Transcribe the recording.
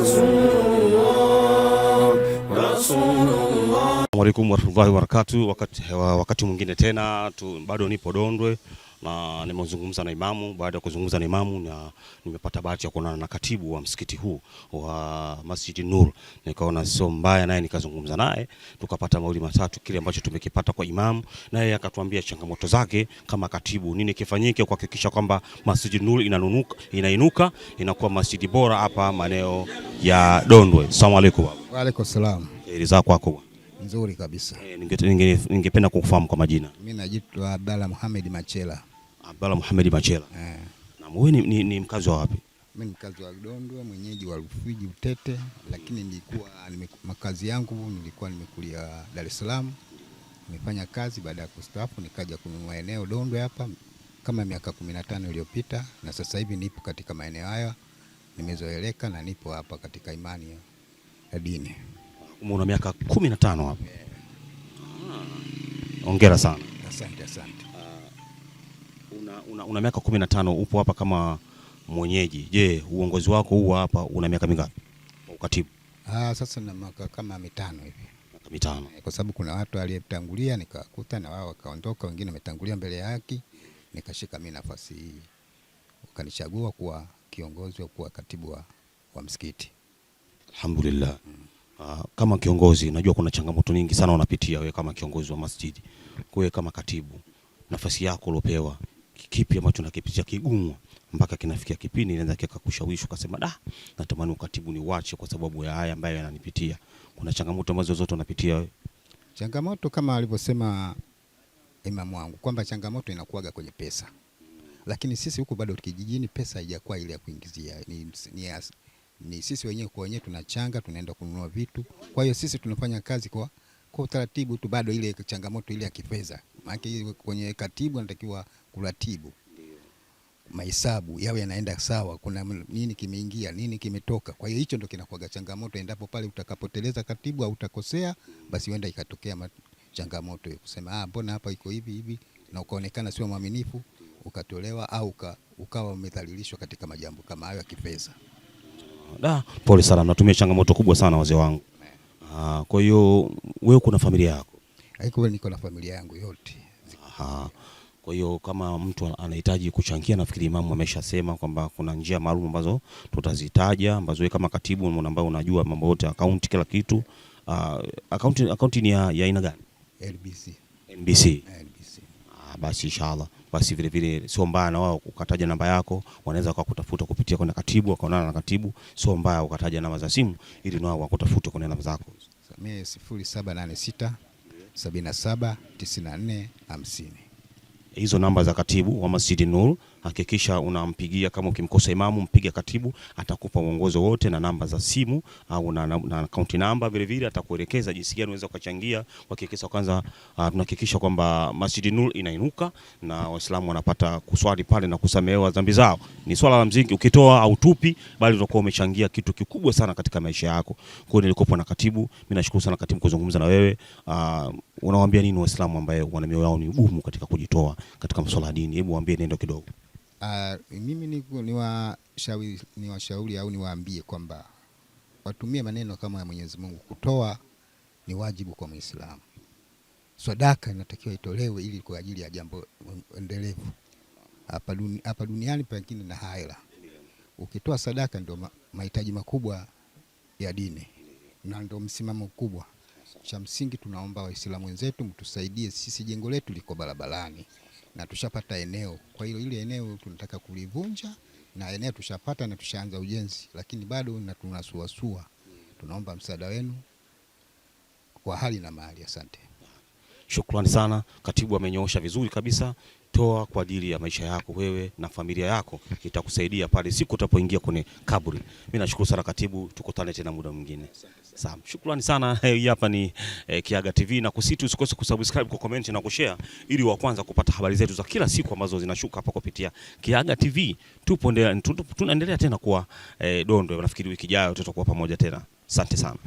Assalamu alaikum warahmatullahi wabarakatuh. Wakati, wakati mwingine tena tu, bado nipo Dondwe na nimezungumza na imamu. Baada ya kuzungumza na imamu na nimepata bahati ya kuonana na katibu wa msikiti huu wa Masjid Nur, nikaona sio mbaya, naye nikazungumza naye, tukapata mauli matatu, kile ambacho tumekipata kwa imamu, naye akatuambia changamoto zake kama katibu, nini kifanyike kuhakikisha kwamba Masjid Nur inanunuka, inainuka, inakuwa masjidi bora hapa maeneo ya Dondwe. Asalamu alaykum. Wa alaykum salaam. Eliza kwako nzuri kabisa. E, eh, ningependa ninge, ninge kukufahamu kwa majina. Mimi najitwa Abdalla Muhammad Machela. Abdalla Muhammad Machela. Eh. Na wewe ni, ni, ni mkazi wa wapi? Mimi ni mkazi wa Dondwa, mwenyeji wa Rufiji Utete, lakini nilikuwa makazi yangu nilikuwa nimekulia Dar es Salaam. Nimefanya kazi baada ya kustaafu nikaja kununua eneo Dondwa hapa kama miaka 15 iliyopita na sasa hivi nipo katika maeneo haya. Nimezoeleka na nipo hapa katika imani ya dini. Una miaka 15 hapa. Ah. Hongera sana. Asante, asante una, una, una miaka 15 upo hapa kama mwenyeji. Je, uongozi wako huu hapa una miaka mingapi kwa ukatibu? Ah, sasa na miaka kama mitano hivi miaka mitano, eh, kwa sababu kuna watu aliyetangulia nikakuta na wao wakaondoka, wengine wametangulia mbele ya haki, nikashika mimi nafasi hii, wakanichagua kuwa kiongozi au kuwa katibu wa, wa msikiti. Alhamdulillah. Hmm. kama kiongozi najua kuna changamoto nyingi sana unapitia wewe kama kiongozi wa masjidi. Kwa hiyo kama katibu nafasi yako uliopewa kipi ambacho nakipitia kigumu mpaka kinafikia kipindi naweza kushawishi ukasema da, natamani ukatibu ni wache kwa sababu ya haya ambayo yananipitia. Kuna changamoto ambazo zote unapitia wewe? Changamoto kama alivyosema imamu wangu kwamba changamoto inakuwaga kwenye pesa, lakini sisi huku bado kijijini pesa haijakuwa ile ya kuingizia ni, ni, ni sisi wenyewe kwa wenyewe tunachanga, tunaenda kununua vitu. Kwa hiyo sisi tunafanya kazi kwa kwa utaratibu tu, bado ile changamoto ile ya kifedha maana kwenye katibu anatakiwa kuratibu mahesabu yawe yanaenda sawa, kuna nini kimeingia, nini kimetoka. Kwa hiyo hicho ndo kinakuaga changamoto, endapo pale utakapoteleza katibu au utakosea, basi huenda ikatokea changamoto kusema ah, mbona hapa iko hivi hivi, na ukaonekana sio mwaminifu, ukatolewa au ukawa umedhalilishwa katika majambo kama hayo ya kipesa. Da, pole sana, natumia changamoto kubwa sana wazee wangu. Ah, kwa hiyo wewe, kuna familia yako kweli niko na familia yangu yote. Aha. Kwa hiyo kama mtu anahitaji kuchangia, nafikiri imamu ameshasema kwamba kuna njia maalum ambazo tutazitaja, ambazo wewe kama katibu ambaye unajua mambo yote, akaunti, kila kitu. uh, ah, akaunti ni ya aina gani? LBC. NBC. LBC. Ah, basi inshallah basi vile vile sio mbaya na wao ukataja namba yako, wanaweza wakakutafuta kupitia kwa katibu, wakaonana na katibu. Sio mbaya ukataja namba za simu ili nao wakutafute kwa namba zako. Mimi 0786 77 94 50. Hizo namba za katibu wa Masjidi Nur hakikisha unampigia. Kama ukimkosa imamu, mpiga katibu, atakupa uongozo wote na namba za simu au na, na, na akaunti namba. Vile vile atakuelekeza jinsi gani unaweza kuchangia. Kuhakikisha kwanza ah, tunahakikisha uh, kwamba Masjid Nur inainuka na Waislamu wanapata kuswali pale na kusamehewa dhambi zao. Ni swala la msingi, ukitoa au tupi, bali utakuwa umechangia kitu kikubwa sana katika maisha yako. Kwa hiyo nilikuwa na katibu, mimi nashukuru sana katibu kuzungumza na wewe. Uh, unawaambia nini Waislamu ambao wana mioyo yao ni gumu katika kujitoa katika masuala ya dini? Hebu waambie nendo kidogo. Uh, mimi niwashauri ni ni au niwaambie kwamba watumie maneno kama ya Mwenyezi Mungu. Kutoa ni wajibu kwa Muislamu, sadaka inatakiwa itolewe ili kwa ajili ya jambo endelevu hapa duni, duniani pengine na haira. Ukitoa sadaka ndio ma, mahitaji makubwa ya dini na ndio msimamo mkubwa. Cha msingi tunaomba Waislamu wenzetu mtusaidie sisi, jengo letu liko barabarani na tushapata eneo. Kwa hiyo ile eneo tunataka kulivunja na eneo tushapata na tushaanza ujenzi, lakini bado na tunasuasua. Tunaomba msaada wenu kwa hali na mali. Asante. Shukrani sana, katibu amenyoosha vizuri kabisa. Toa kwa ajili ya maisha yako wewe na familia yako, itakusaidia pale siku utapoingia kwenye kaburi. Mimi nashukuru sana katibu, tukutane tena muda mwingine. Sawa, shukrani sana. Hii hapa ni eh, Kiyaga TV na kusitu, usikose kusubscribe, kucomment na kushare ili wa kwanza kupata habari zetu za kila siku ambazo zinashuka hapa kupitia Kiyaga TV. Tupo tunaendelea tena kuwa eh, dondo. Nafikiri wiki ijayo tutakuwa pamoja tena. Asante sana.